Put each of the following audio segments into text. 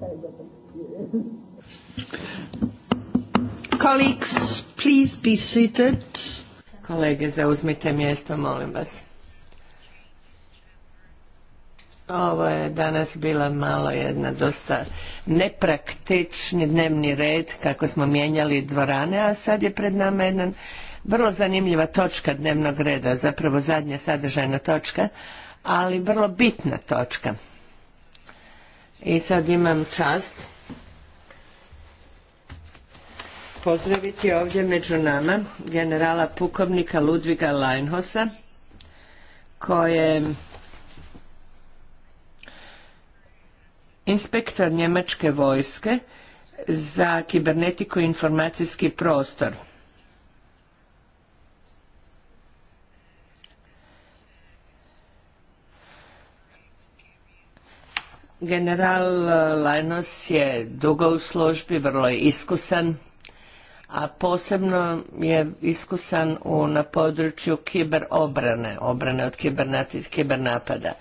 be Kolege, zauzmite mjesto, molim vas. Ovo je danas bila malo jedna dosta nepraktični dnevni red kako smo mijenjali dvorane, a sad je pred nama jedna vrlo zanimljiva točka dnevnog reda, zapravo zadnja sadržajna točka, ali vrlo bitna točka. I sad imam čast pozdraviti ovdje među nama generala pukovnika Ludviga Leinhosa koji je inspektor njemačke vojske za kibernetiku i informacijski prostor General eh, Lajnos je dugo u službi, vrlo je iskusan, a posebno je iskusan u, na području kiberobrane, obrane, obrane od kibernapada.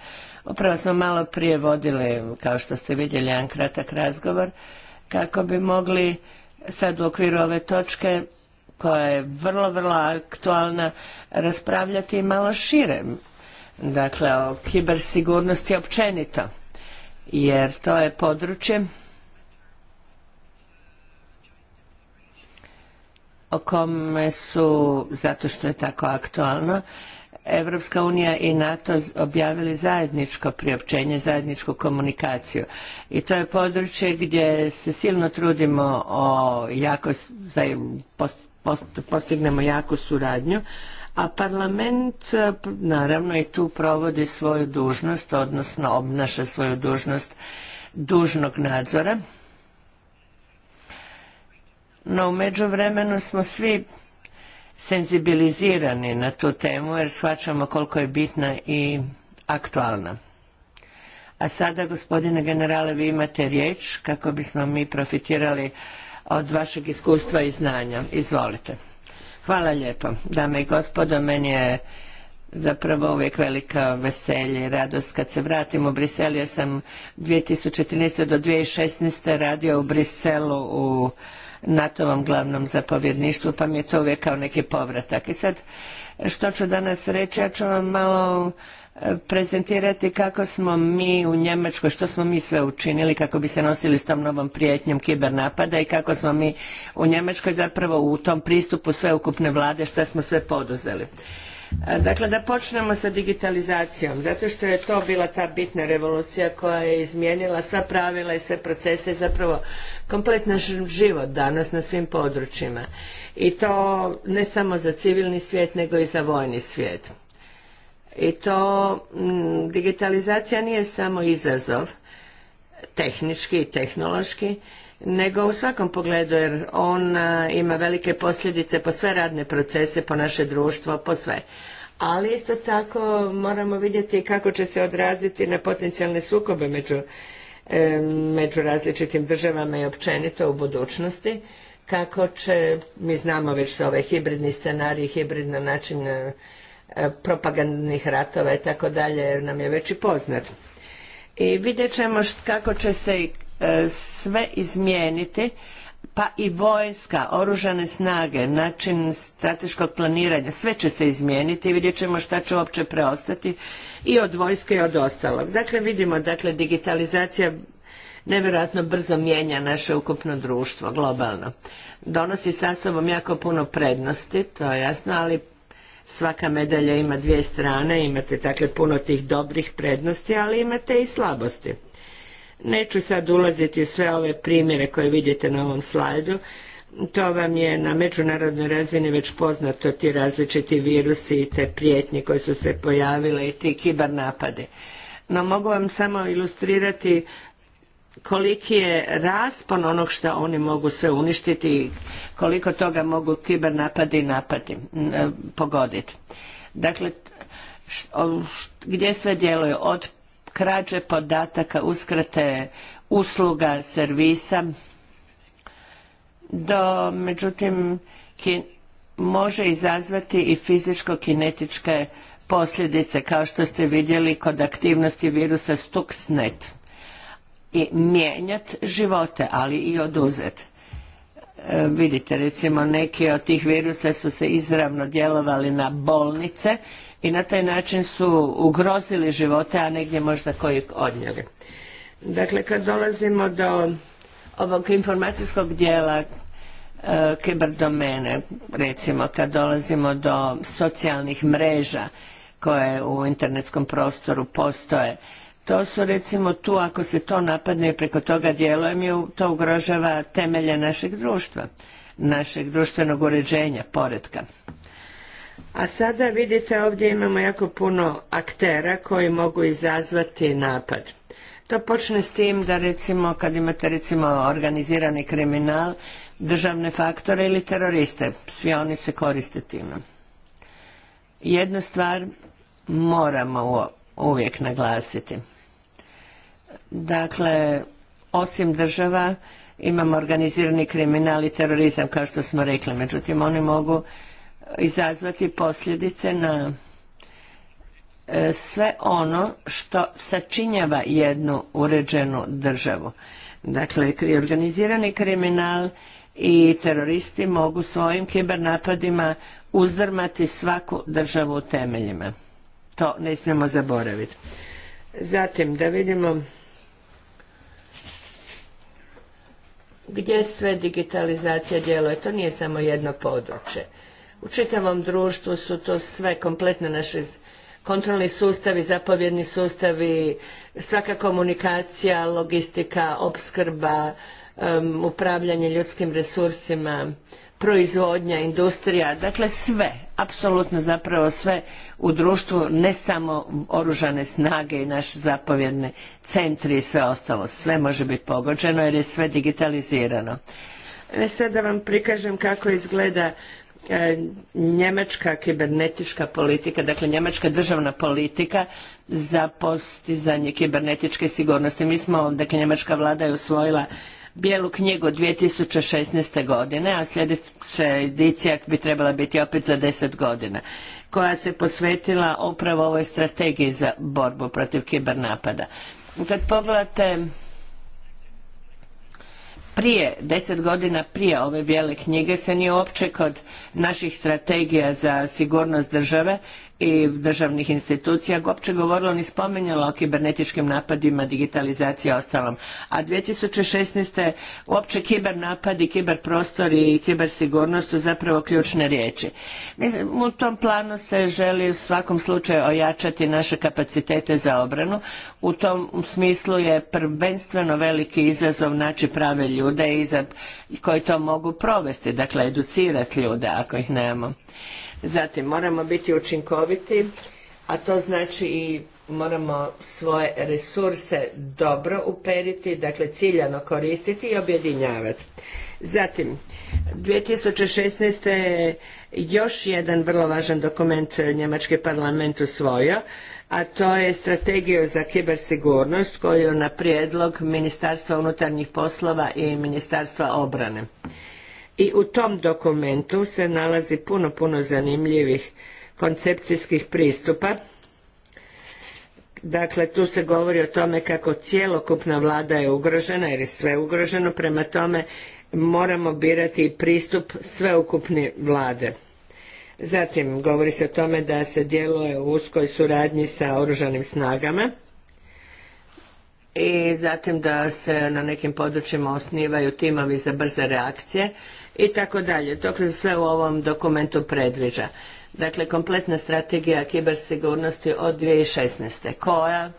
Upravo smo malo prije vodili, kao što ste vidjeli, jedan kratak razgovor kako bi mogli sad u okviru ove točke koja je vrlo, vrlo aktualna raspravljati malo šire. Dakle, o kibersigurnosti općenito jer to je područje o kome su, zato što je tako aktualno, Evropska unija i NATO objavili zajedničko priopćenje, zajedničku komunikaciju. I to je područje gdje se silno trudimo o jako, postignemo jaku suradnju, a parlament eh, naravno i tu provodi svoju dužnost, odnosno obnaša svoju dužnost dužnog nadzora. No u vremenu smo svi senzibilizirani na tu temu jer shvaćamo koliko je bitna i aktualna. A sada, gospodine generale, vi imate riječ kako bismo mi profitirali od vašeg iskustva i znanja. Izvolite. Hvala lijepo. Dame i gospodo, meni je zapravo uvijek velika veselje i radost kad se vratim u Briselu Ja sam 2013. do 2016. radio u Briselu u NATO-vom glavnom zapovjedništvu pa mi je to uvijek kao neki povratak. I sad što ću danas reći, ja ću vam malo prezentirati kako smo mi u Njemačkoj, što smo mi sve učinili kako bi se nosili s tom novom prijetnjom kibernapada i kako smo mi u Njemačkoj zapravo u tom pristupu sveukupne vlade što smo sve poduzeli. E, dakle, da počnemo sa digitalizacijom, zato što je to bila ta bitna revolucija koja je izmijenila sva pravila i sve procese, zapravo kompletno život danas na svim područjima. I to ne samo za civilni svijet, nego i za vojni svijet. I to mm, digitalizacija nije samo izazov tehnički i tehnološki, nego u svakom pogledu jer on ima velike posljedice po sve radne procese, po naše društvo, po sve. Ali isto tako moramo vidjeti kako će se odraziti na potencijalne sukobe među, e, među različitim državama i općenito u budućnosti kako će, mi znamo već ove hibridni scenarij, hibridna način E, propagandnih ratova i tako dalje nam je već i poznat. I vidjet ćemo kako će se e, sve izmijeniti pa i vojska, oružane snage, način strateškog planiranja, sve će se izmijeniti i vidjet ćemo šta će uopće preostati i od vojske i od ostalog. Dakle, vidimo, dakle, digitalizacija nevjerojatno brzo mijenja naše ukupno društvo globalno. Donosi sa sobom jako puno prednosti, to je jasno, ali svaka medalja ima dvije strane, imate dakle puno tih dobrih prednosti, ali imate i slabosti. Neću sad ulaziti u sve ove primjere koje vidite na ovom slajdu, to vam je na međunarodnoj razini već poznato ti različiti virusi i te prijetnje koje su se pojavile i ti kibar No mogu vam samo ilustrirati koliki je raspon onog što oni mogu sve uništiti i koliko toga mogu kiber napadi napadi, e, pogoditi. Dakle, gdje sve djeluje od krađe podataka, uskrate usluga, servisa do međutim može izazvati i fizičko-kinetičke posljedice kao što ste vidjeli kod aktivnosti virusa Stuxnet i mijenjati živote, ali i oduzeti. E, vidite, recimo, neki od tih virusa su se izravno djelovali na bolnice i na taj način su ugrozili živote, a negdje možda koji odnijeli. Dakle, kad dolazimo do ovog informacijskog dijela e, kiberdomene, recimo, kad dolazimo do socijalnih mreža koje u internetskom prostoru postoje, to su recimo tu, ako se to napadne i preko toga mi to ugrožava temelje našeg društva, našeg društvenog uređenja, poredka. A sada vidite ovdje imamo jako puno aktera koji mogu izazvati napad. To počne s tim da recimo kad imate recimo organizirani kriminal, državne faktore ili teroriste, svi oni se koriste time. Jednu stvar moramo uvijek naglasiti. Dakle, osim država imamo organizirani kriminal i terorizam kao što smo rekli, međutim oni mogu izazvati posljedice na e, sve ono što sačinjava jednu uređenu državu. Dakle, organizirani kriminal i teroristi mogu svojim kibernapadima uzdrmati svaku državu u temeljima. To ne smijemo zaboraviti. Zatim, da vidimo gdje sve digitalizacija djeluje. To nije samo jedno područje. U čitavom društvu su to sve kompletno naše kontrolni sustavi, zapovjedni sustavi, svaka komunikacija, logistika, opskrba, upravljanje ljudskim resursima, proizvodnja, industrija, dakle sve, apsolutno zapravo sve u društvu, ne samo oružane snage i naše zapovjedne centri i sve ostalo, sve može biti pogođeno jer je sve digitalizirano. E sad da vam prikažem kako izgleda e, njemačka kibernetička politika, dakle njemačka državna politika za postizanje kibernetičke sigurnosti. Mi smo, dakle njemačka vlada je usvojila bijelu knjigu 2016. godine, a sljedeća edicija bi trebala biti opet za 10 godina, koja se posvetila upravo ovoj strategiji za borbu protiv kibernapada. Kad pogledate prije, deset godina prije ove bijele knjige se nije uopće kod naših strategija za sigurnost države i državnih institucija uopće govorilo ni spominjalo o kibernetičkim napadima, digitalizaciji i ostalom. A 2016. uopće napadi i kiberprostor i kibersigurnost su zapravo ključne riječi. u tom planu se želi u svakom slučaju ojačati naše kapacitete za obranu. U tom smislu je prvenstveno veliki izazov naći prave ljude iza koji to mogu provesti, dakle educirati ljude ako ih nemamo. Zatim moramo biti učinkoviti, a to znači i moramo svoje resurse dobro uperiti, dakle ciljano koristiti i objedinjavati. Zatim, 2016. je još jedan vrlo važan dokument Njemački parlament usvojio, a to je strategija za kibersigurnost koju na prijedlog Ministarstva unutarnjih poslova i Ministarstva obrane. I u tom dokumentu se nalazi puno, puno zanimljivih koncepcijskih pristupa. Dakle, tu se govori o tome kako cjelokupna vlada je ugrožena jer je sve ugroženo, prema tome moramo birati pristup sveukupne vlade Zatim govori se o tome da se djeluje u uskoj suradnji sa oružanim snagama i zatim da se na nekim područjima osnivaju timovi za brze reakcije i tako dalje. To se sve u ovom dokumentu predviđa. Dakle, kompletna strategija kibersigurnosti od 2016. koja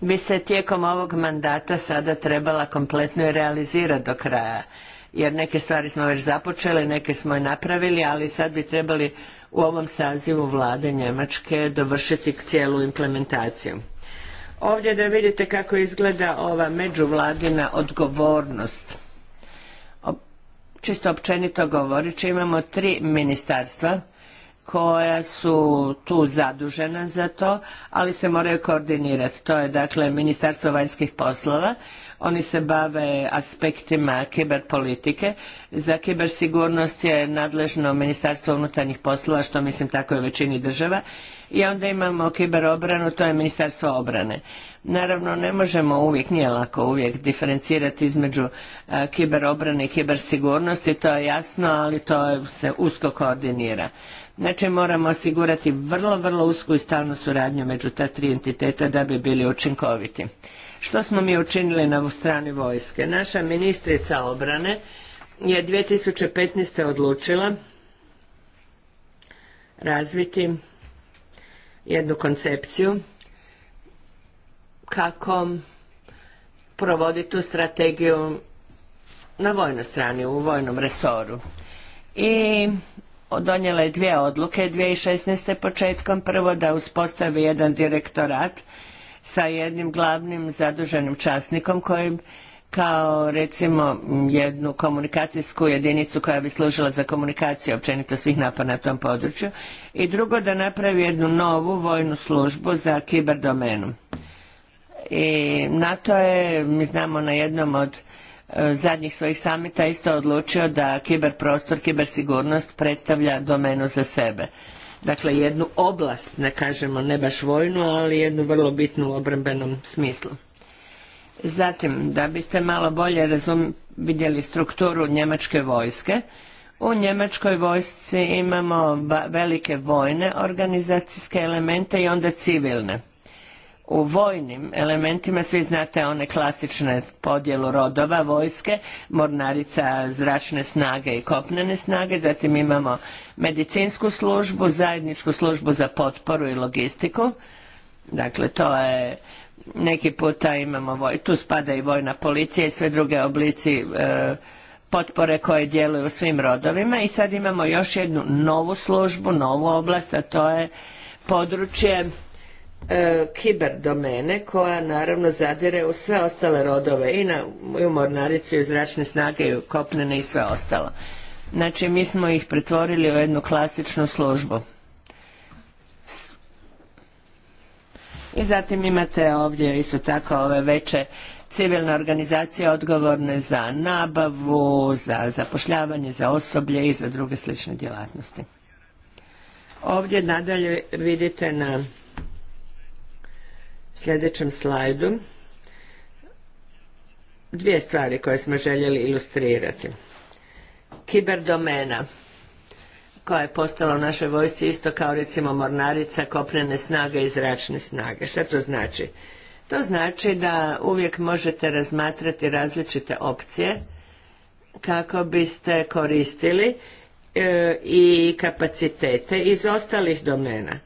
bi se tijekom ovog mandata sada trebala kompletno i realizirati do kraja jer neke stvari smo već započeli, neke smo i napravili, ali sad bi trebali u ovom sazivu vlade Njemačke dovršiti cijelu implementaciju. Ovdje da vidite kako izgleda ova međuvladina odgovornost. Čisto općenito govoreći imamo tri ministarstva koja su tu zadužena za to, ali se moraju koordinirati. To je dakle Ministarstvo vanjskih poslova, oni se bave aspektima kiber politike Za sigurnost je nadležno Ministarstvo unutarnjih poslova, što mislim tako i u većini država. I onda imamo kiber obranu to je Ministarstvo obrane. Naravno, ne možemo uvijek, nije lako uvijek diferencirati između e, obrane i sigurnosti to je jasno, ali to se usko koordinira. Znači moramo osigurati vrlo, vrlo usku i stalnu suradnju među ta tri entiteta da bi bili učinkoviti. Što smo mi učinili na strani vojske? Naša ministrica obrane je 2015. odlučila razviti jednu koncepciju kako provoditi tu strategiju na vojnoj strani, u vojnom resoru. I donijela je dvije odluke, 2016. početkom prvo da uspostavi jedan direktorat sa jednim glavnim zaduženim časnikom koji kao recimo jednu komunikacijsku jedinicu koja bi služila za komunikaciju općenito svih napada na tom području i drugo da napravi jednu novu vojnu službu za kiberdomenu. I NATO je, mi znamo na jednom od e, zadnjih svojih samita isto odlučio da kiberprostor, kibersigurnost predstavlja domenu za sebe dakle jednu oblast, ne kažemo ne baš vojnu, ali jednu vrlo bitnu u obrambenom smislu. Zatim, da biste malo bolje razum, vidjeli strukturu njemačke vojske, u njemačkoj vojsci imamo velike vojne organizacijske elemente i onda civilne u vojnim elementima, svi znate one klasične podjelu rodova vojske, mornarica, zračne snage i kopnene snage, zatim imamo medicinsku službu, zajedničku službu za potporu i logistiku, dakle to je neki puta imamo, tu spada i vojna policija i sve druge oblici e, potpore koje djeluju u svim rodovima i sad imamo još jednu novu službu, novu oblast, a to je područje E, kiber domene koja naravno zadire u sve ostale rodove i, u mornaricu i zračne snage i u kopnene i sve ostalo. Znači mi smo ih pretvorili u jednu klasičnu službu. I zatim imate ovdje isto tako ove veće civilne organizacije odgovorne za nabavu, za zapošljavanje, za osoblje i za druge slične djelatnosti. Ovdje nadalje vidite na sljedećem slajdu dvije stvari koje smo željeli ilustrirati. Kiberdomena koja je postala u našoj vojsci isto kao recimo mornarica, kopnene snage i zračne snage. Šta to znači? To znači da uvijek možete razmatrati različite opcije kako biste koristili e, i kapacitete iz ostalih domena.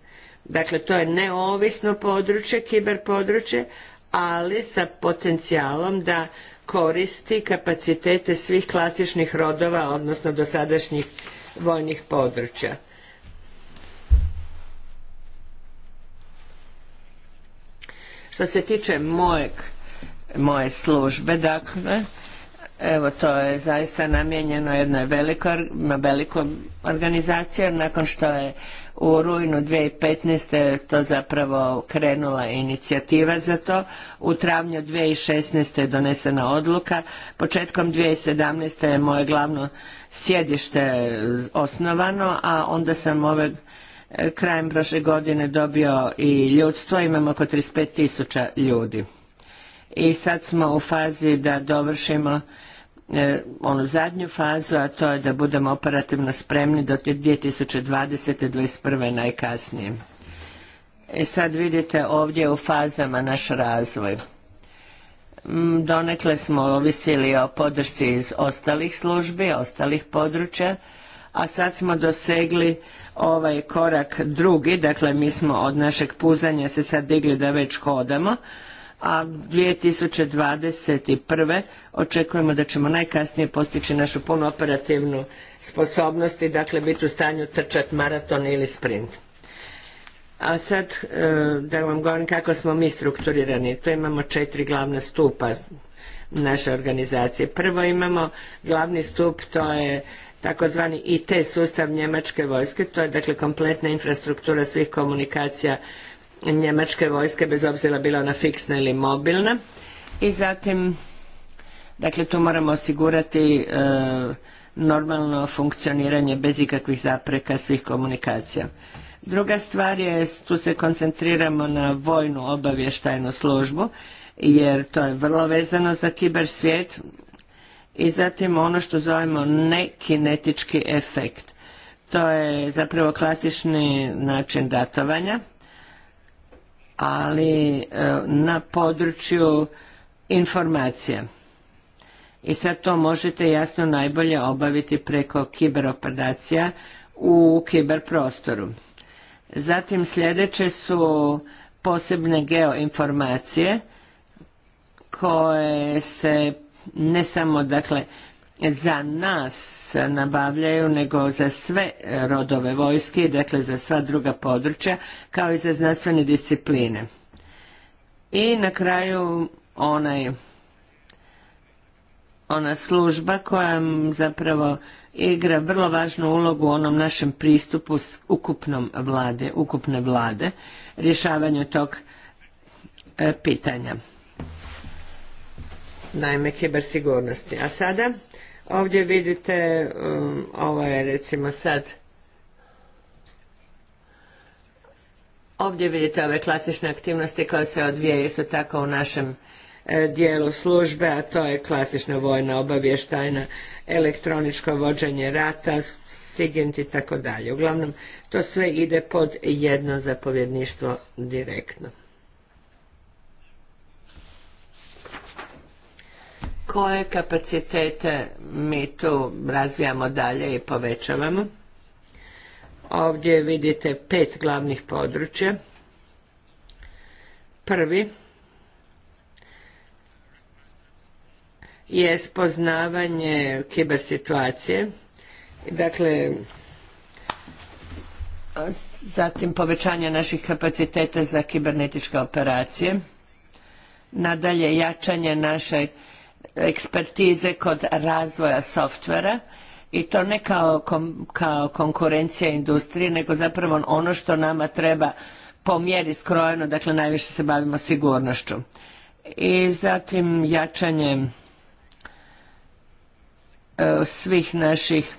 Dakle, to je neovisno područje, kiber područje, ali sa potencijalom da koristi kapacitete svih klasičnih rodova, odnosno dosadašnjih vojnih područja. Što se tiče mojeg, moje službe, dakle, evo to je zaista namijenjeno jednoj velikoj, velikom organizaciji, nakon što je u rujnu 2015. je to zapravo krenula inicijativa za to. U travnju 2016. je donesena odluka. Početkom 2017. je moje glavno sjedište osnovano, a onda sam ove e, krajem prošle godine dobio i ljudstvo. Imamo oko 35 tisuća ljudi. I sad smo u fazi da dovršimo E, onu zadnju fazu, a to je da budemo operativno spremni do 2020. 2021. najkasnije. E sad vidite ovdje u fazama naš razvoj. Mm, donekle smo ovisili o podršci iz ostalih službi, ostalih područja, a sad smo dosegli ovaj korak drugi, dakle mi smo od našeg puzanja se sad digli da već hodamo, a 2021. očekujemo da ćemo najkasnije postići našu punu operativnu sposobnost i dakle biti u stanju trčati maraton ili sprint. A sad e, da vam govorim kako smo mi strukturirani. Tu imamo četiri glavna stupa naše organizacije. Prvo imamo glavni stup, to je takozvani IT sustav njemačke vojske, to je dakle kompletna infrastruktura svih komunikacija njemačke vojske, bez obzira bila ona fiksna ili mobilna. I zatim, dakle, tu moramo osigurati e, normalno funkcioniranje bez ikakvih zapreka svih komunikacija. Druga stvar je, tu se koncentriramo na vojnu obavještajnu službu, jer to je vrlo vezano za kiber svijet i zatim ono što zovemo nekinetički efekt. To je zapravo klasični način ratovanja ali e, na području informacija. I sad to možete jasno najbolje obaviti preko kiberoperacija u kiberprostoru. Zatim sljedeće su posebne geoinformacije koje se ne samo dakle za nas nabavljaju nego za sve rodove vojske, dakle za sva druga područja, kao i za znanstvene discipline. I na kraju onaj ona služba koja zapravo igra vrlo važnu ulogu u onom našem pristupu s ukupnom vlade, ukupne vlade, rješavanju tog e, pitanja. Naime, kibersigurnosti. A sada Ovdje vidite, um, ovo ovaj, je recimo sad, ovdje vidite ove klasične aktivnosti koje se odvijaju isto tako u našem e, dijelu službe, a to je klasična vojna obavještajna, elektroničko vođenje rata, SIGINT i tako dalje. Uglavnom, to sve ide pod jedno zapovjedništvo direktno. koje kapacitete mi tu razvijamo dalje i povećavamo. Ovdje vidite pet glavnih područja. Prvi je spoznavanje kiber situacije, dakle zatim povećanje naših kapaciteta za kibernetičke operacije, nadalje jačanje naše ekspertize kod razvoja softvera i to ne kao, konkurencija industrije, nego zapravo ono što nama treba po mjeri skrojeno, dakle najviše se bavimo sigurnošću. I zatim jačanje e, svih naših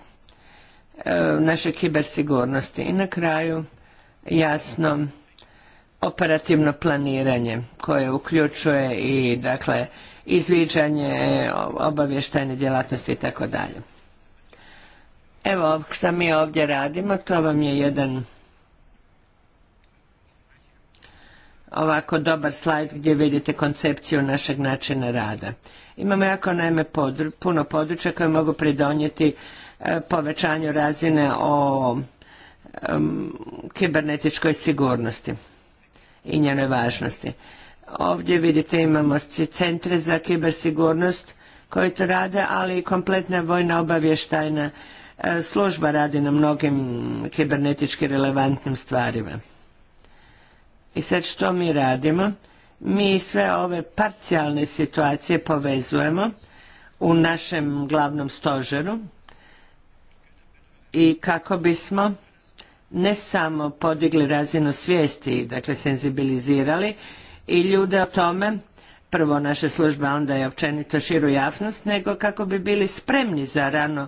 e, naše kibersigurnosti. I na kraju jasno operativno planiranje koje uključuje i dakle izviđanje obavještajne djelatnosti i tako dalje. Evo šta mi ovdje radimo, to vam je jedan ovako dobar slajd gdje vidite koncepciju našeg načina rada. Imamo jako naime puno područja koje mogu pridonijeti e, povećanju razine o kibernetičkoj sigurnosti i njenoj važnosti. Ovdje vidite imamo centre za kibersigurnost koji to rade, ali i kompletna vojna obavještajna e, služba radi na mnogim kibernetički relevantnim stvarima. I sad što mi radimo? Mi sve ove parcijalne situacije povezujemo u našem glavnom stožeru i kako bismo ne samo podigli razinu svijesti, dakle senzibilizirali, i ljude o tome, prvo naše službe, onda je općenito širu javnost, nego kako bi bili spremni za rano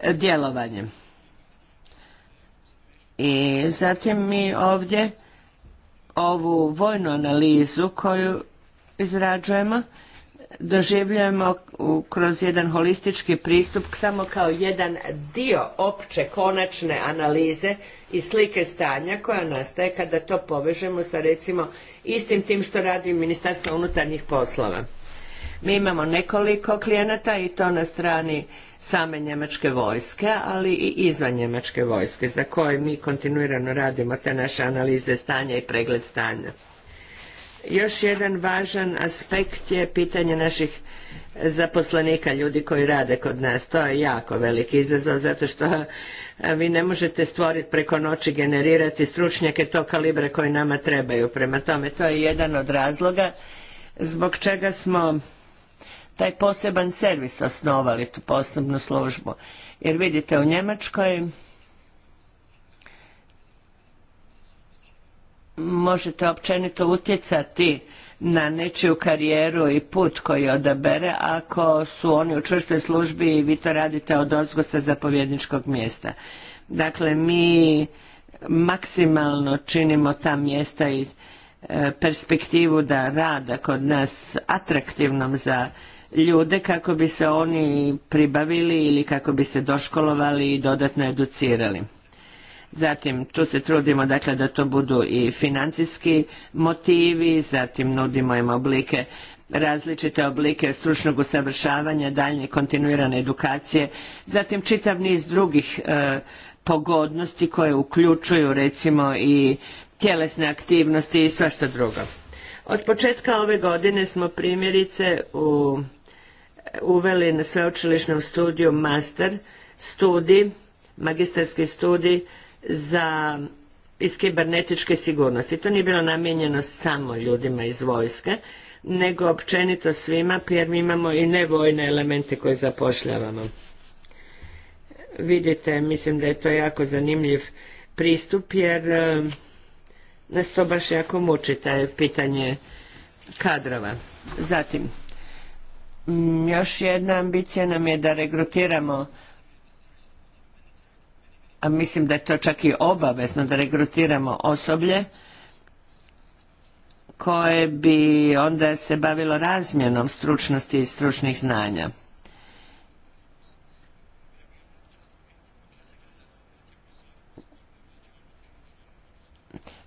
e, djelovanje. I zatim mi ovdje ovu vojnu analizu koju izrađujemo doživljujemo kroz jedan holistički pristup samo kao jedan dio opće konačne analize i slike stanja koja nastaje kada to povežemo sa recimo istim tim što radi Ministarstvo unutarnjih poslova. Mi imamo nekoliko klijenata i to na strani same njemačke vojske, ali i izvan njemačke vojske za koje mi kontinuirano radimo te naše analize stanja i pregled stanja. Još jedan važan aspekt je pitanje naših zaposlenika, ljudi koji rade kod nas. To je jako veliki izazov zato što vi ne možete stvoriti preko noći, generirati stručnjake to kalibre koji nama trebaju. Prema tome, to je jedan od razloga zbog čega smo taj poseban servis osnovali, tu posebnu službu. Jer vidite, u Njemačkoj možete općenito utjecati na nečiju karijeru i put koji odabere ako su oni u čvrstoj službi i vi to radite od ozgo sa zapovjedničkog mjesta. Dakle, mi maksimalno činimo ta mjesta i e, perspektivu da rada kod nas atraktivnom za ljude kako bi se oni pribavili ili kako bi se doškolovali i dodatno educirali. Zatim tu se trudimo dakle da to budu i financijski motivi, zatim nudimo im oblike različite oblike stručnog usavršavanja, daljnje kontinuirane edukacije, zatim čitav niz drugih e, pogodnosti koje uključuju recimo i tjelesne aktivnosti i svašta drugo. Od početka ove godine smo primjerice u, uveli na sveučilišnom studiju master studij, magisterski studij za iz kibernetičke sigurnosti. To nije bilo namijenjeno samo ljudima iz vojske, nego općenito svima, jer mi imamo i nevojne elemente koje zapošljavamo. Vidite, mislim da je to jako zanimljiv pristup, jer eh, nas to baš jako muči, taj pitanje kadrova. Zatim, mm, još jedna ambicija nam je da regrutiramo a mislim da je to čak i obavezno da regrutiramo osoblje koje bi onda se bavilo razmjenom stručnosti i stručnih znanja.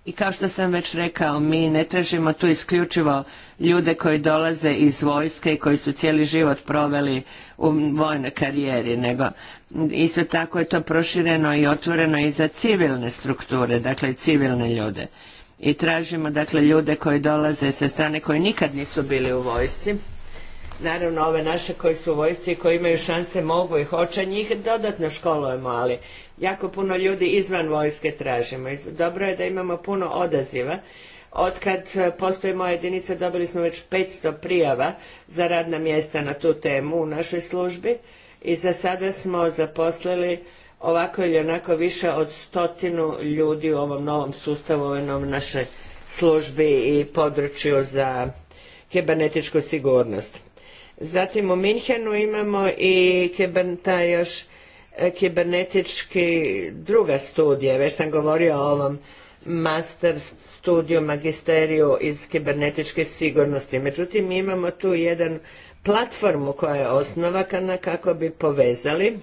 I kao što sam već rekao, mi ne tražimo tu isključivo ljude koji dolaze iz vojske i koji su cijeli život proveli u vojnoj karijeri, nego isto tako je to prošireno i otvoreno i za civilne strukture, dakle civilne ljude. I tražimo dakle ljude koji dolaze sa strane koji nikad nisu bili u vojsci, naravno ove naše koji su u vojsci i koji imaju šanse mogu i hoće njih dodatno školujemo ali jako puno ljudi izvan vojske tražimo. Dobro je da imamo puno odaziva. Otkad e, postoji moja jedinica dobili smo već 500 prijava za radna mjesta na tu temu u našoj službi i za sada smo zaposlili ovako ili onako više od stotinu ljudi u ovom novom sustavu, u onoj našoj službi i području za kibernetičku sigurnost. Zatim u Minhenu imamo i taj još E, kibernetički druga studija, već sam govorio o ovom master studiju, magisteriju iz kibernetičke sigurnosti. Međutim, imamo tu jedan platformu koja je osnovakana kako bi povezali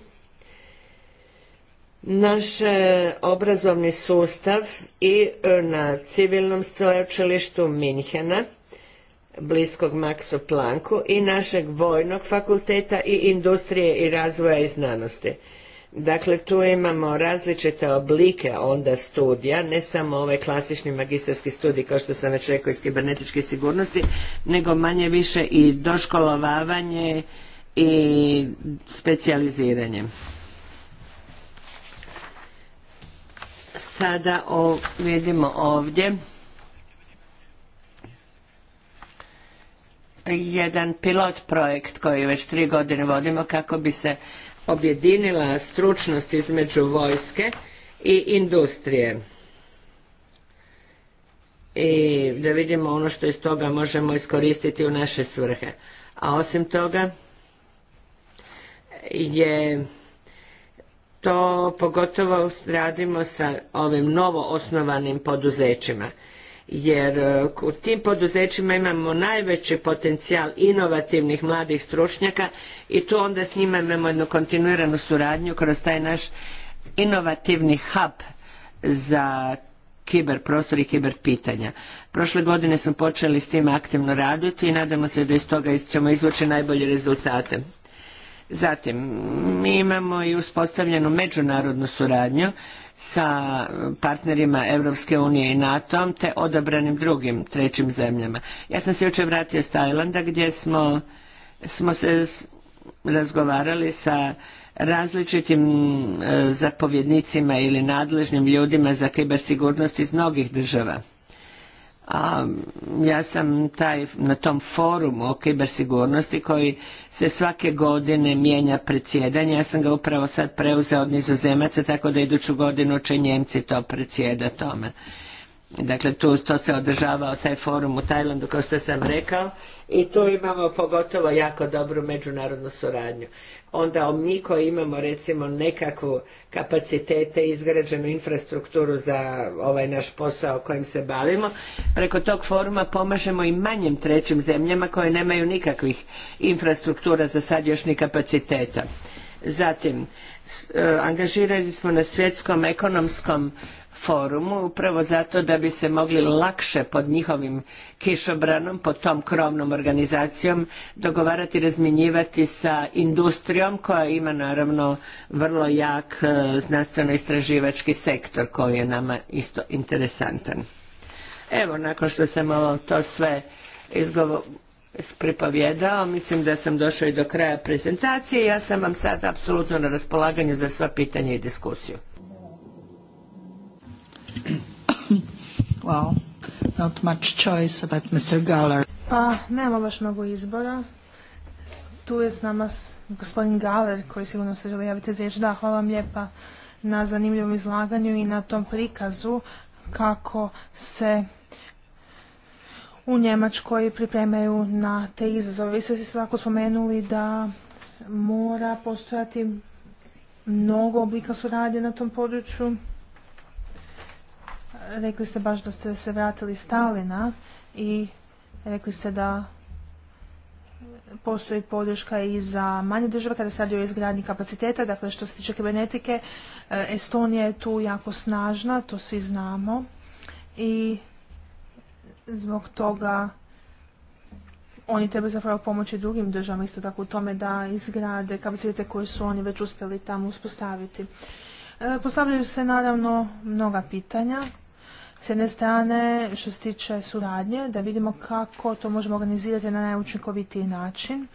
naš e, obrazovni sustav i e, na civilnom sveučilištu Minhena, bliskog Maxu Planku i našeg vojnog fakulteta i industrije i razvoja i znanosti. Dakle, tu imamo različite oblike onda studija, ne samo ovaj klasični magistarski studij, kao što sam već rekao iz kibernetičke sigurnosti, nego manje više i doškolovavanje i specijaliziranje. Sada vidimo ovdje jedan pilot projekt koji već tri godine vodimo kako bi se objedinila stručnost između vojske i industrije i da vidimo ono što iz toga možemo iskoristiti u naše svrhe. A osim toga je to pogotovo radimo sa ovim novo osnovanim poduzećima jer e, u tim poduzećima imamo najveći potencijal inovativnih mladih stručnjaka i tu onda s njima imamo jednu kontinuiranu suradnju kroz taj naš inovativni hub za kiber prostor i kiber pitanja. Prošle godine smo počeli s tim aktivno raditi i nadamo se da iz toga ćemo izvući najbolje rezultate. Zatim, mi imamo i uspostavljenu međunarodnu suradnju sa partnerima Europske unije i NATO-om te odabranim drugim trećim zemljama. Ja sam se jučer vratio s Tajlanda gdje smo, smo se razgovarali sa različitim e, zapovjednicima ili nadležnim ljudima za kibersigurnost iz mnogih država a ja sam taj, na tom forumu o kibersigurnosti koji se svake godine mijenja predsjedanje, ja sam ga upravo sad preuzeo od nizozemaca, tako da iduću godinu će Njemci to predsjeda tome. Dakle, tu, to se održava taj forum u Tajlandu, kao što sam rekao, i tu imamo pogotovo jako dobru međunarodnu suradnju. Onda mi koji imamo recimo nekakvu kapacitete, izgrađenu infrastrukturu za ovaj naš posao kojim se bavimo, preko tog foruma pomažemo i manjim trećim zemljama koje nemaju nikakvih infrastruktura za sad još ni kapaciteta. Zatim, E, angažirali smo na svjetskom ekonomskom forumu upravo zato da bi se mogli lakše pod njihovim kišobranom, pod tom krovnom organizacijom dogovarati, razmjenjivati sa industrijom koja ima naravno vrlo jak e, znanstveno-istraživački sektor koji je nama isto interesantan. Evo, nakon što sam ovo to sve izgovorila pripovjedao. Mislim da sam došao i do kraja prezentacije. Ja sam vam sad apsolutno na raspolaganju za sva pitanja i diskusiju. Well, not much choice about Mr. Galler. Pa, nema baš mnogo izbora. Tu je s nama gospodin Galer koji sigurno se želi javiti za Da, hvala vam lijepa na zanimljivom izlaganju i na tom prikazu kako se u Njemačkoj pripremaju na te izazove. Vi ste se tako spomenuli da mora postojati mnogo oblika suradnje na tom području. Rekli ste baš da ste se vratili Stalina i rekli ste da postoji podrška i za manje države kada se radi o izgradnji kapaciteta, dakle što se tiče kibernetike, e, Estonija je tu jako snažna, to svi znamo i zbog toga oni trebaju zapravo pomoći drugim državama isto tako u tome da izgrade kapacitete koje su oni već uspjeli tamo uspostaviti. E, postavljaju se naravno mnoga pitanja. S jedne strane, što se tiče suradnje, da vidimo kako to možemo organizirati na najučinkovitiji način.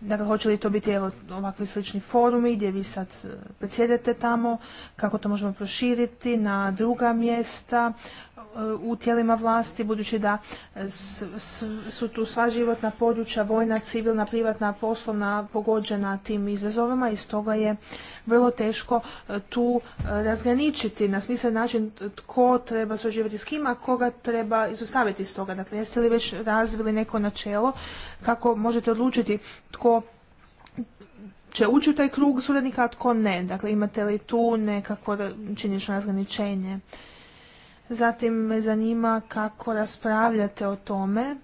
Dakle, hoće li to biti evo, ovakvi slični forumi gdje vi sad e, predsjedete tamo, kako to možemo proširiti na druga mjesta, E, u tijelima vlasti, budući da su tu sva životna područja, vojna, civilna, privatna, poslovna, pogođena tim izazovima i stoga je vrlo teško e, tu e, razgraničiti na smislen način tko treba surađivati s kim, a koga treba izostaviti iz toga. Dakle, jeste li već razvili neko načelo kako možete odlučiti tko će ući u taj krug suradnika, a tko ne. Dakle, imate li tu nekako činično razgraničenje? Zatim me zanima kako raspravljate o tome,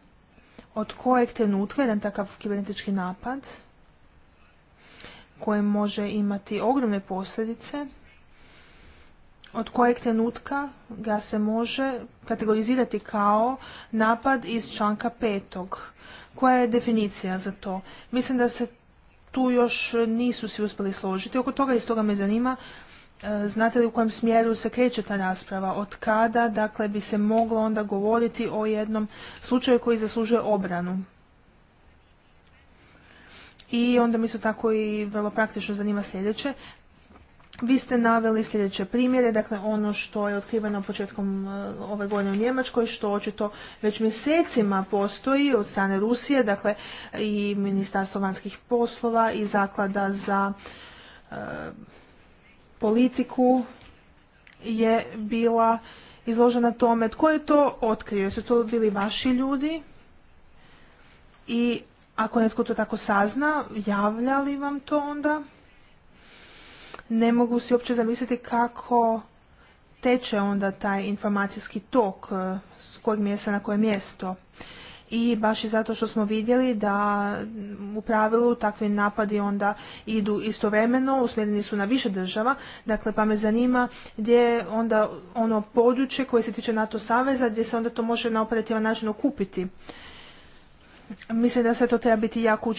od kojeg trenutka jedan takav kibernetički napad koji može imati ogromne posljedice, od kojeg trenutka ga se može kategorizirati kao napad iz članka petog. Koja je definicija za to? Mislim da se tu još nisu svi uspjeli složiti. Oko toga i toga me zanima E, znate li u kojem smjeru se kreće ta rasprava? Od kada dakle, bi se moglo onda govoriti o jednom slučaju koji zaslužuje obranu? I onda mi se tako i vrlo praktično zanima sljedeće. Vi ste naveli sljedeće primjere, dakle ono što je otkriveno početkom e, ove godine u Njemačkoj, što očito već mjesecima postoji od strane Rusije, dakle i Ministarstvo vanjskih poslova i Zaklada za e, politiku je bila izložena tome tko je to otkrio, jesu to bili vaši ljudi i ako netko to tako sazna, javlja li vam to onda? Ne mogu si uopće zamisliti kako teče onda taj informacijski tok s kojeg mjesta na koje mjesto i baš i zato što smo vidjeli da u pravilu takvi napadi onda idu istovremeno, usmjereni su na više država, dakle pa me zanima gdje je onda ono područje koje se tiče NATO saveza gdje se onda to može na operativan način okupiti. Mislim da sve to treba biti jako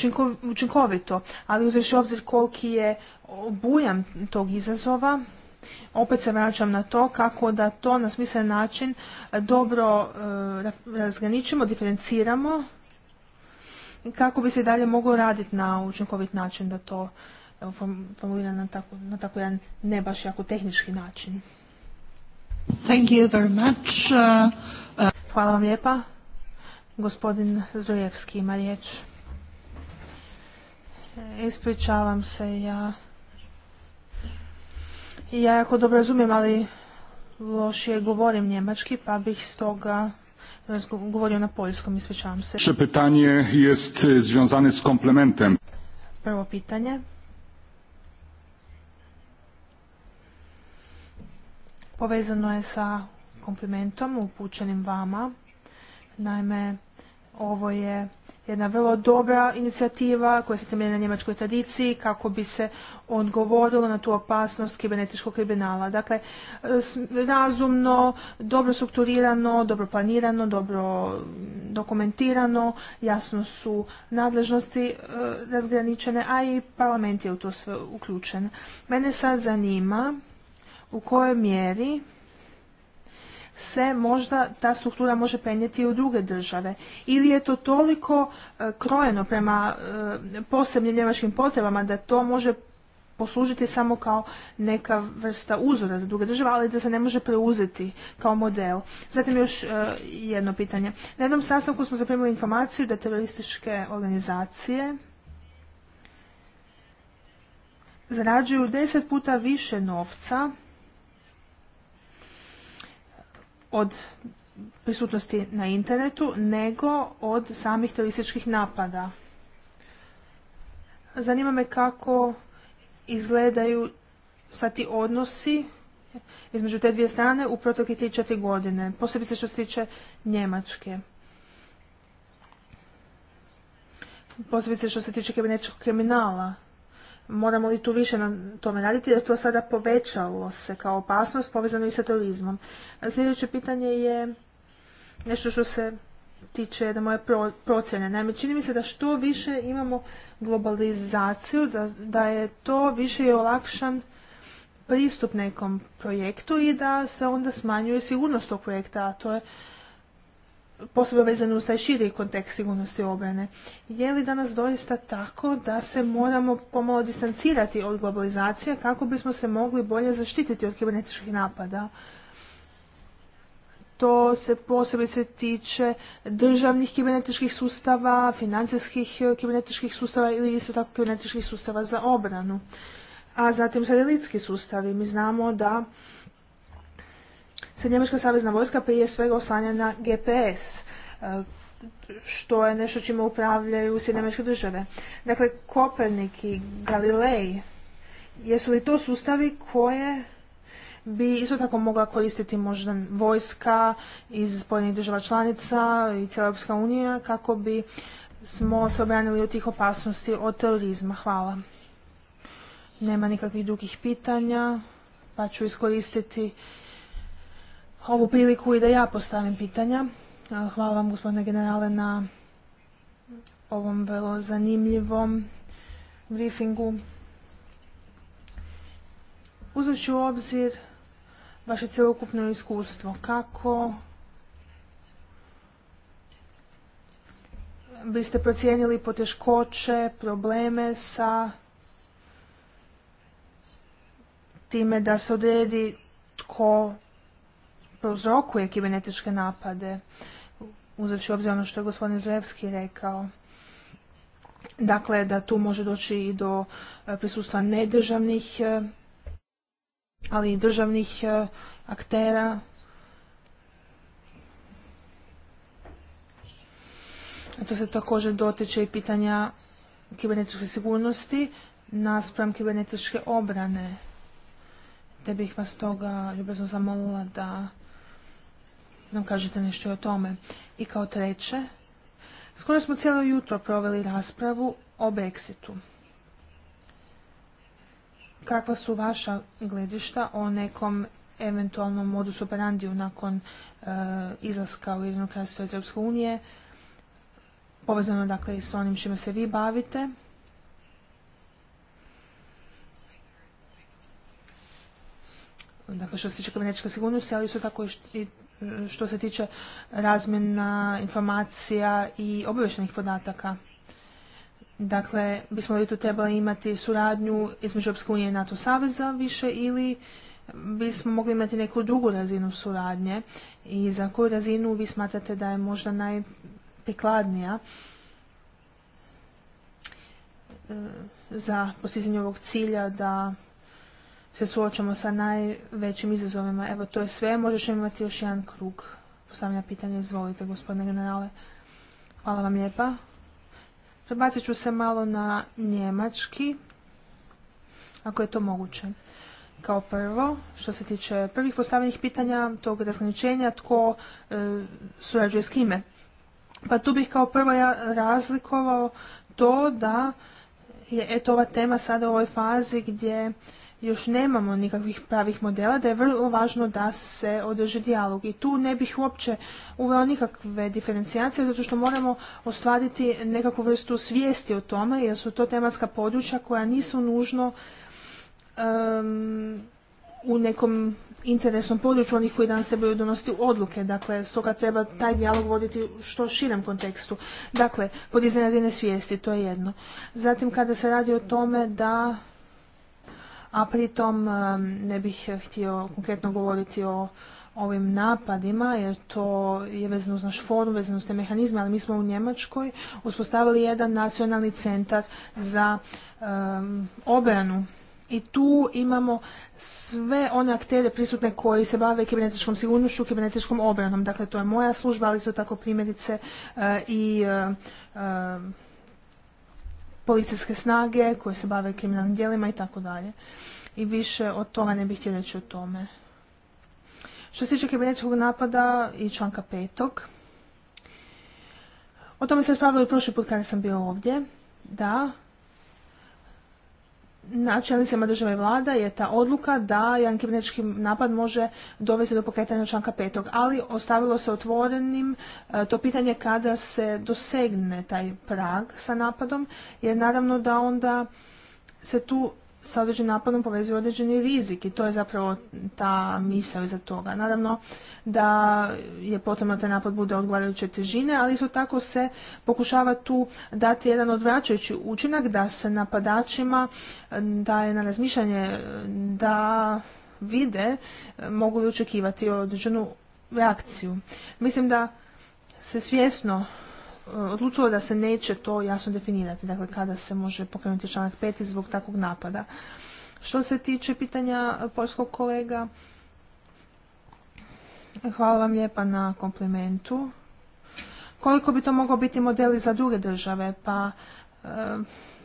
učinkovito, ali uzreći obzir koliki je obujam tog izazova, opet se vraćam na to kako da to na smislen način e, dobro e, razgraničimo, diferenciramo kako bi se dalje moglo raditi na učinkovit način da to formulira na tako, na tako jedan ne baš jako tehnički način. Uh, uh, Hvala vam lijepa. Gospodin Zujevski ima riječ. E, ispričavam se, ja ja jako dobro razumijem, ali lošije govorim njemački, pa bih stoga govorio na poljskom, ispričavam se. Prvo pitanje jest związane s komplementem. Prvo pitanje. Povezano je sa komplementom upućenim vama. Naime, ovo je jedna vrlo dobra inicijativa koja se temelja na njemačkoj tradiciji kako bi se odgovorilo na tu opasnost kibernetičkog kriminala. Dakle, e, razumno, dobro strukturirano, dobro planirano, dobro dokumentirano, jasno su nadležnosti e, razgraničene, a i parlament je u to sve uključen. Mene sad zanima u kojoj mjeri se možda ta struktura može prenijeti u druge države. Ili je to toliko e, krojeno prema e, posebnim njemačkim potrebama da to može poslužiti samo kao neka vrsta uzora za druge države, ali da se ne može preuzeti kao model. Zatim još e, jedno pitanje. Na jednom sastanku smo zaprimili informaciju da terorističke organizacije zarađuju deset puta više novca od prisutnosti na internetu nego od samih terorističkih napada. Zanima me kako izgledaju sad ti odnosi između te dvije strane u protekle tri četiri godine, posebice što se tiče Njemačke. Posebice što se tiče kriminala. Moramo li tu više na tome raditi, jer to sada povećalo se kao opasnost povezano i sa terorizmom. Sljedeće pitanje je nešto što se tiče da moje procjene. Naime, čini mi se da što više imamo globalizaciju, da, da je to više i olakšan pristup nekom projektu i da se onda smanjuje sigurnost tog projekta, a to je posebno vezano uz taj širi kontekst sigurnosti obrane. Je li danas doista tako da se moramo pomalo distancirati od globalizacije kako bismo se mogli bolje zaštititi od kibernetičkih napada? To se posebice tiče državnih kibernetičkih sustava, financijskih eh, kibernetičkih sustava ili isto tako kibernetičkih sustava za obranu. A zatim satelitski sustavi. Mi znamo da se Njemačka savezna vojska prije svega oslanja na GPS, e, što je nešto čime upravljaju Sjedinjene države. Dakle, Kopernik i Galilej, jesu li to sustavi koje bi isto tako mogla koristiti možda vojska iz pojedinih država članica i cijela Europska unija kako bi smo se obranili od tih opasnosti od terorizma. Hvala. Nema nikakvih drugih pitanja, pa ću iskoristiti ovu priliku i da ja postavim pitanja. E, hvala vam gospodine generale na ovom vrlo zanimljivom briefingu. Uzet u obzir vaše cjelokupno iskustvo. Kako biste procijenili poteškoće, probleme sa time da se odredi tko prozrokuje kibernetičke napade, uzevši obzir ono što je gospodin Zrevski rekao. Dakle, da tu može doći i do e, prisustva nedržavnih, e, ali i državnih e, aktera. to se također dotiče i pitanja kibernetičke sigurnosti naspram kibernetičke obrane. Te bih vas toga ljubezno zamolila da nam kažete nešto o tome. I kao treće, skoro smo cijelo jutro proveli raspravu o Brexitu. Kakva su vaša gledišta o nekom eventualnom modus operandiju nakon e, izlaska Ujedinog kraju iz Europske unije, povezano dakle i s onim čime se vi bavite. Dakle, što se tiče kabinetičke sigurnosti, ali su tako i što se tiče razmjena informacija i obavještenih podataka. Dakle, bismo li tu trebali imati suradnju između Europske unije i NATO saveza više ili bismo mogli imati neku drugu razinu suradnje i za koju razinu vi smatrate da je možda najprikladnija e, za postizanje ovog cilja da se suočamo sa najvećim izazovima. Evo, to je sve. Možeš imati još jedan krug postavljanja pitanja. Izvolite, gospodine generale. Hvala vam lijepa. Prebacit ću se malo na njemački, ako je to moguće. Kao prvo, što se tiče prvih postavljenih pitanja, tog razgraničenja, tko e, surađuje s kime. Pa tu bih kao prvo ja razlikovao to da je eto ova tema sada u ovoj fazi gdje još nemamo nikakvih pravih modela, da je vrlo važno da se održi dijalog. I tu ne bih uopće uveo nikakve diferencijacije, zato što moramo ostvariti nekakvu vrstu svijesti o tome, jer su to tematska područja koja nisu nužno u nekom interesnom području onih koji danas trebaju donositi odluke. Dakle, stoga treba taj dijalog voditi u što širem kontekstu. Dakle, podizanje razine svijesti, to je jedno. Zatim, kada se radi o tome da a pritom ne bih htio konkretno govoriti o ovim napadima, jer to je vezano uz naš forum, vezano uz te mehanizme, ali mi smo u Njemačkoj uspostavili jedan nacionalni centar za obranu i tu imamo sve one aktere prisutne koji se bave kibernetičkom sigurnošću, kibernetičkom obranom. Dakle, to je moja služba, ali su tako primjerice e, i e, e, policijske snage koje se bave kriminalnim djelima i tako dalje. I više od toga ne bih htio reći o tome. Što se tiče kibernetičkog napada i članka petog, o tome se raspravljalo i prošli put kada sam bio ovdje, da na čelnicima države vlada je ta odluka da jedan kibernetički napad može dovesti do pokretanja članka petog, ali ostavilo se otvorenim e, to pitanje kada se dosegne taj prag sa napadom, jer naravno da onda se tu sa određenim napadom povezuju određeni rizik i to je zapravo ta misao iza toga. Naravno da je potrebno da taj napad bude odgovarajuće težine, ali isto tako se pokušava tu dati jedan odvraćajući učinak da se napadačima daje na razmišljanje da vide mogu li očekivati određenu reakciju. Mislim da se svjesno E, odlučilo da se neće to jasno definirati, dakle kada se može pokrenuti članak 5 zbog takvog napada. Što se tiče pitanja polskog kolega, hvala vam lijepa na komplimentu. Koliko bi to moglo biti modeli za druge države? Pa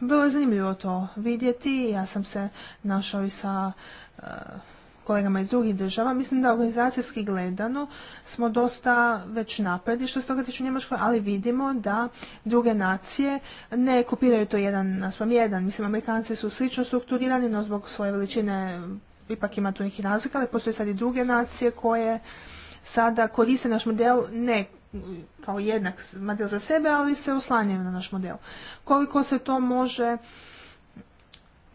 bilo e, je zanimljivo to vidjeti. Ja sam se našao i sa e, kolegama iz drugih država. Mislim da organizacijski gledano smo dosta već napredni što se toga tiče u Njemačkoj, ali vidimo da druge nacije ne kopiraju to jedan na svom jedan. Mislim, Amerikanci su slično strukturirani, no zbog svoje veličine ipak ima tu neki razlika, ali postoje sad i druge nacije koje sada koriste naš model ne kao jednak model za sebe, ali se oslanjaju na naš model. Koliko se to može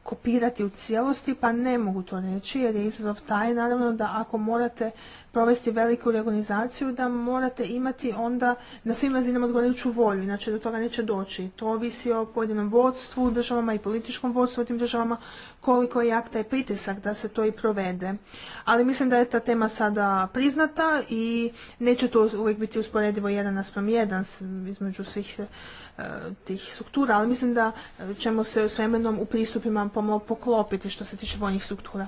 kopirati u cijelosti, pa ne mogu to reći jer je izazov taj naravno da ako morate provesti veliku reorganizaciju da morate imati onda na svim razinama odgovarajuću volju, inače do toga neće doći. To ovisi o pojedinom vodstvu državama i političkom vodstvu u tim državama koliko je jak taj pritisak da se to i provede. Ali mislim da je ta tema sada priznata i neće to uvijek biti usporedivo jedan naspram jedan između svih tih struktura, ali mislim da ćemo se s vremenom u pristupima pomalo poklopiti što se tiče vojnih struktura.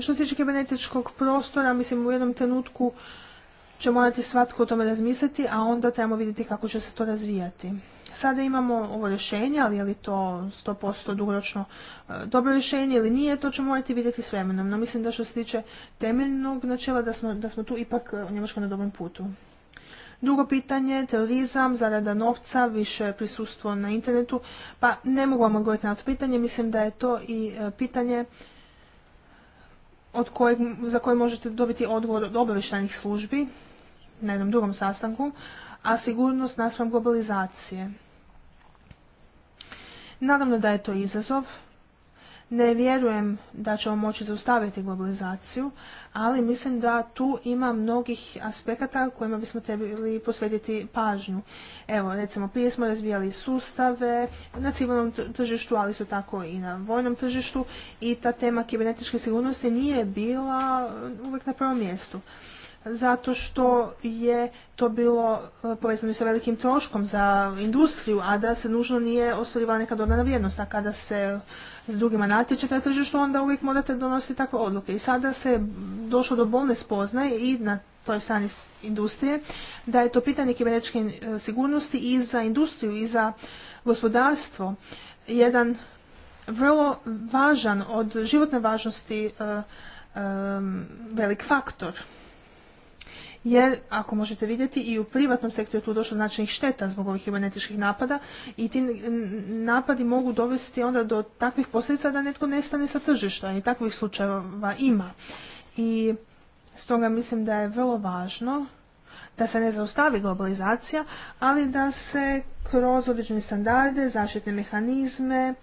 Što se tiče kibernetičkog prostora, mislim u jednom trenutku će morati svatko o tome razmisliti, a onda trebamo vidjeti kako će se to razvijati. Sada imamo ovo rješenje, ali je li to 100% dugoročno e, dobro rješenje ili nije, to ćemo morati vidjeti s vremenom. No mislim da što se tiče temeljnog načela da smo, da smo tu ipak u Njemačkoj na dobrom putu. Drugo pitanje, terorizam, zarada novca, više prisustvo na internetu. Pa ne mogu vam odgovoriti na to pitanje, mislim da je to i e, pitanje od kojeg, za koje možete dobiti odgovor od obavještajnih službi na jednom drugom sastanku, a sigurnost naspram globalizacije. Naravno da je to izazov, ne vjerujem da ćemo moći zaustaviti globalizaciju, ali mislim da tu ima mnogih aspekata kojima bismo trebali posvetiti pažnju. Evo, recimo, prije smo razvijali sustave na civilnom tržištu, ali su tako i na vojnom tržištu i ta tema kibernetičke sigurnosti nije bila uvijek na prvom mjestu zato što je to bilo e, povezano i sa velikim troškom za industriju, a da se nužno nije ostvarivala neka dodana vrijednost, a kada se s drugima natječete na tržištu, onda uvijek morate donositi takve odluke. I sada se došlo do bolne spoznaje i na toj strani industrije, da je to pitanje kibernetičke e, sigurnosti i za industriju i za gospodarstvo jedan vrlo važan, od životne važnosti, e, velik faktor jer ako možete vidjeti i u privatnom sektoru je tu došlo značajnih šteta zbog ovih kibernetičkih napada i ti napadi mogu dovesti onda do takvih posljedica da netko nestane sa tržišta i takvih slučajeva ima. I stoga mislim da je vrlo važno da se ne zaustavi globalizacija, ali da se kroz određene standarde, zaštitne mehanizme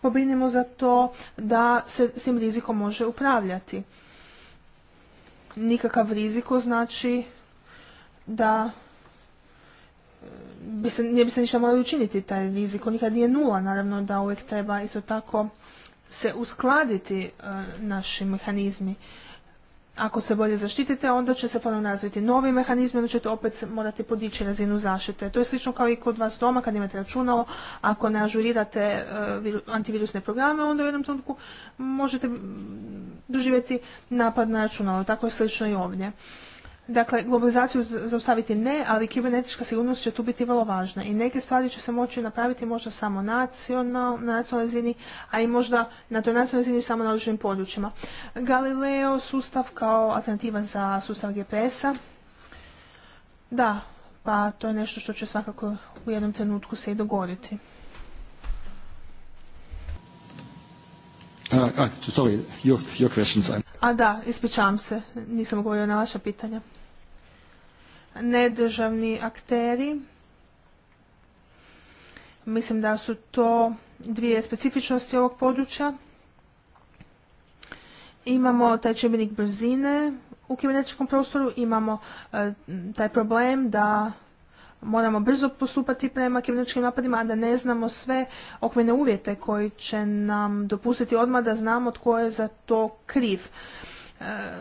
pobrinimo za to da se s tim rizikom može upravljati nikakav riziko znači da e, bi se, ne bi se ništa morali učiniti taj riziko, nikad nije nula, naravno da uvijek treba isto tako se uskladiti e, naši mehanizmi ako se bolje zaštitite, onda će se ponovno razviti novi mehanizmi, onda ćete opet morati podići razinu zaštite. To je slično kao i kod vas doma kad imate računalo, ako ne ažurirate e, antivirusne programe, onda u jednom trenutku možete doživjeti napad na računalo. Tako je slično i ovdje. Dakle, globalizaciju zaustaviti ne, ali kibernetička sigurnost će tu biti vrlo važna. I neke stvari će se moći napraviti možda samo na nacionalnoj razini, a i možda na toj nacionalnoj razini samo na određenim područjima. Galileo sustav kao alternativa za sustav GPS-a. Da, pa to je nešto što će svakako u jednom trenutku se i dogoditi. Uh, uh, a da, ispričavam se, nisam govorio na vaša pitanja nedržavni akteri. Mislim da su to dvije specifičnosti ovog područja. Imamo taj čimbenik brzine u kibernetičkom prostoru, imamo e, taj problem da moramo brzo postupati prema kibernetičkim napadima, a da ne znamo sve okvene uvjete koji će nam dopustiti odmah da znamo tko je za to kriv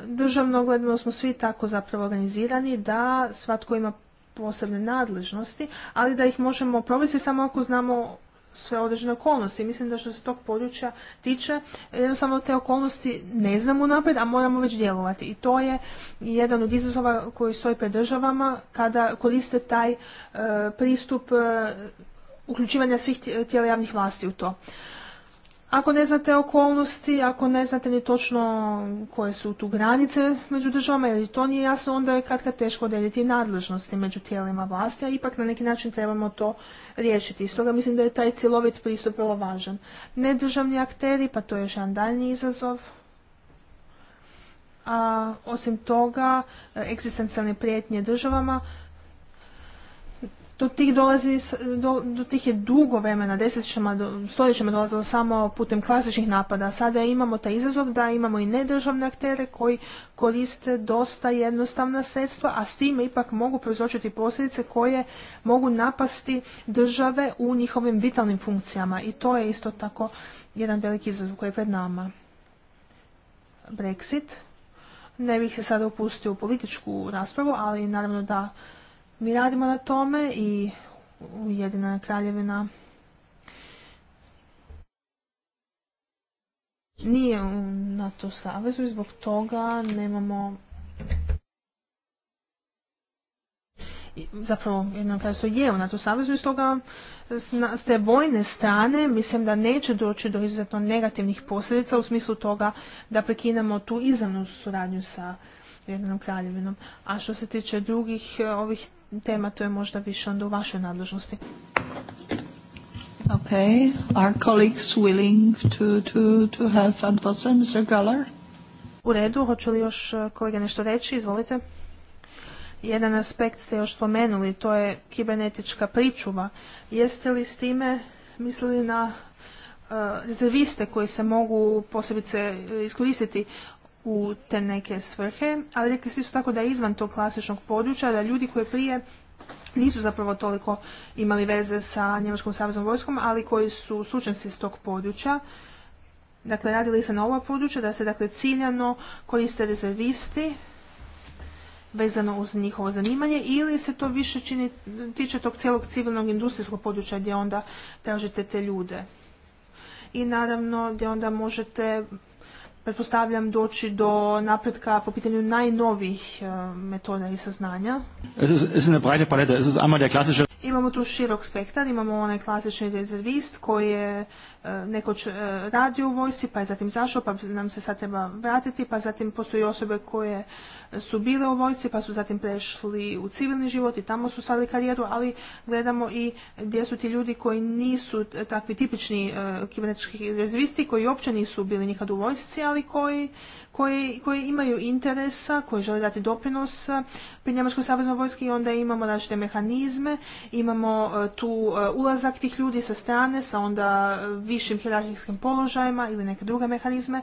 državno gledano smo svi tako zapravo organizirani da svatko ima posebne nadležnosti, ali da ih možemo provesti samo ako znamo sve određene okolnosti. Mislim da što se tog područja tiče, jednostavno te okolnosti ne znamo unaprijed, a moramo već djelovati. I to je jedan od izazova koji stoji pred državama kada koriste taj e, pristup e, uključivanja svih tijela javnih vlasti u to. Ako ne znate okolnosti, ako ne znate ni točno koje su tu granice među državama, jer to nije jasno, onda je kad, teško odrediti nadležnosti među tijelima vlasti, a ipak na neki način trebamo to riješiti. Stoga mislim da je taj cjelovit pristup vrlo važan. Nedržavni akteri, pa to je još jedan daljnji izazov. A osim toga, e, egzistencijalne prijetnje državama, do tih, dolazi, do, tih je dugo vremena, desetljećima, do, stoljećima dolazilo samo putem klasičnih napada. Sada imamo taj izazov da imamo i nedržavne aktere koji koriste dosta jednostavna sredstva, a s time ipak mogu prouzročiti posljedice koje mogu napasti države u njihovim vitalnim funkcijama. I to je isto tako jedan veliki izazov koji je pred nama. Brexit. Ne bih se sada upustio u političku raspravu, ali naravno da mi radimo na tome i Ujedina kraljevina nije u NATO savezu i zbog toga nemamo zapravo jedno kraljevstvo je u NATO savezu i stoga s te vojne strane mislim da neće doći do izuzetno negativnih posljedica u smislu toga da prekinemo tu izravnu suradnju sa Ujedinom kraljevinom. A što se tiče drugih ovih tema, to je možda više onda u vašoj nadležnosti. Okay, are colleagues willing to, to, to have Mr. Galler? U redu, hoću li još eh, kolega nešto reći? Izvolite. Jedan aspekt ste još spomenuli, to je kibernetička pričuva. Jeste li s time mislili na eh, rezerviste koji se mogu posebice eh, iskoristiti u te neke svrhe, ali rekli ste isto tako da je izvan tog klasičnog područja, da ljudi koji prije nisu zapravo toliko imali veze sa Njemačkom saveznom vojskom, ali koji su slučajnici iz tog područja, dakle radili se na ova područja, da se dakle ciljano koriste rezervisti vezano uz njihovo zanimanje ili se to više čini, tiče tog cijelog civilnog industrijskog područja gdje onda tražite te ljude. I naravno gdje onda možete pretpostavljam, doći do napretka po pitanju najnovih eh, metoda i saznanja. Imamo tu širok spektar, imamo onaj klasični rezervist koji je E, nekoć e, radi u vojsci, pa je zatim zašao, pa nam se sad treba vratiti, pa zatim postoji osobe koje su bile u vojsci, pa su zatim prešli u civilni život i tamo su stvarili karijeru, ali gledamo i gdje su ti ljudi koji nisu takvi tipični e, kibernetički koji uopće nisu bili nikad u vojsci, ali koji, imaju interesa, koji žele dati doprinos pri Njemačkoj saveznoj vojski i onda imamo različite mehanizme, imamo tu ulazak tih ljudi sa strane, sa onda vi višim hierarhijskim položajima ili neke druge mehanizme.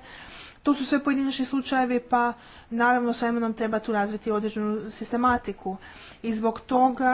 To su sve pojedinačni slučajevi, pa naravno s vremenom treba tu razviti određenu sistematiku. I zbog toga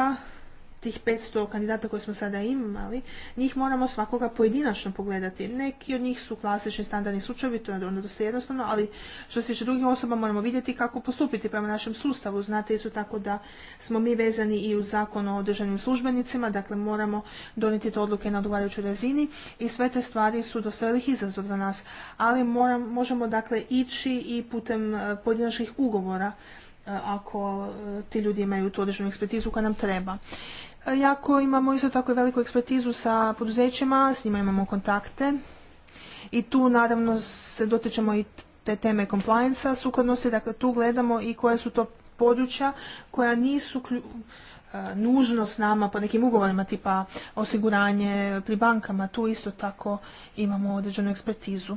tih 500 kandidata koje smo sada imali, njih moramo svakoga pojedinačno pogledati. Neki od njih su klasični standardni slučajevi, to je onda jednostavno, ali što se tiče drugih osoba moramo vidjeti kako postupiti prema našem sustavu. Znate isto tako da smo mi vezani i u zakon o državnim službenicima, dakle moramo donijeti te odluke na odgovarajućoj razini i sve te stvari su dosta velik izazov za nas, ali možemo dakle ići i putem e, pojedinačnih ugovora e, ako e, ti ljudi imaju tu određenu ekspertizu koja nam treba jako imamo isto tako veliku ekspertizu sa poduzećima, s njima imamo kontakte i tu naravno se dotičemo i te teme compliance sukladnosti, dakle tu gledamo i koje su to područja koja nisu e, nužno s nama po nekim ugovorima tipa osiguranje pri bankama, tu isto tako imamo određenu ekspertizu.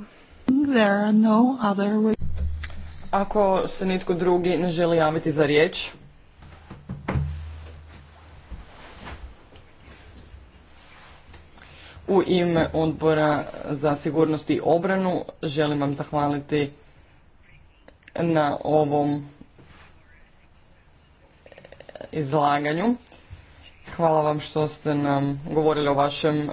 Ako se nitko drugi ne želi javiti za riječ, U ime odbora za sigurnost i obranu želim vam zahvaliti na ovom izlaganju. Hvala vam što ste nam govorili o vašem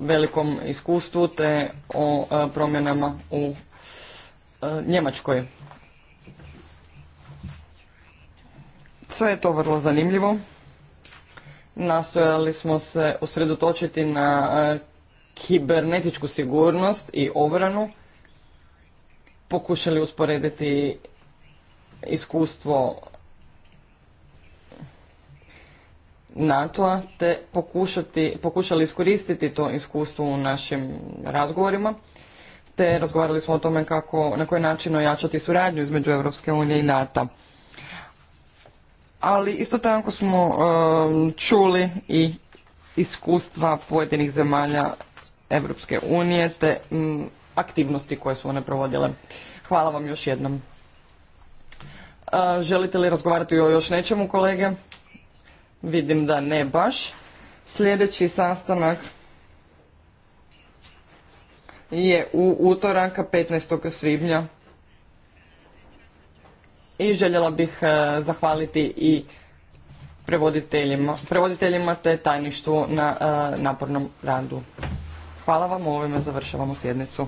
velikom iskustvu te o e, promjenama u e, Njemačkoj. Sve je to vrlo zanimljivo. Nastojali smo se usredotočiti na e, kibernetičku sigurnost i obranu. Pokušali usporediti iskustvo NATO-a te pokušati, pokušali iskoristiti to iskustvo u našim razgovorima te razgovarali smo o tome kako, na koji način ojačati suradnju između Europske unije i NATO-a ali isto tako smo um, čuli i iskustva pojedinih zemalja Evropske unije te aktivnosti koje su one provodile. Hvala vam još jednom. Uh, želite li razgovarati o još nečemu, kolege? Vidim da ne baš. Sljedeći sastanak je u utoranka 15. svibnja i željela bih e, zahvaliti i prevoditeljima, prevoditeljima te tajništvu na e, napornom radu. Hvala vam, ovime završavamo sjednicu.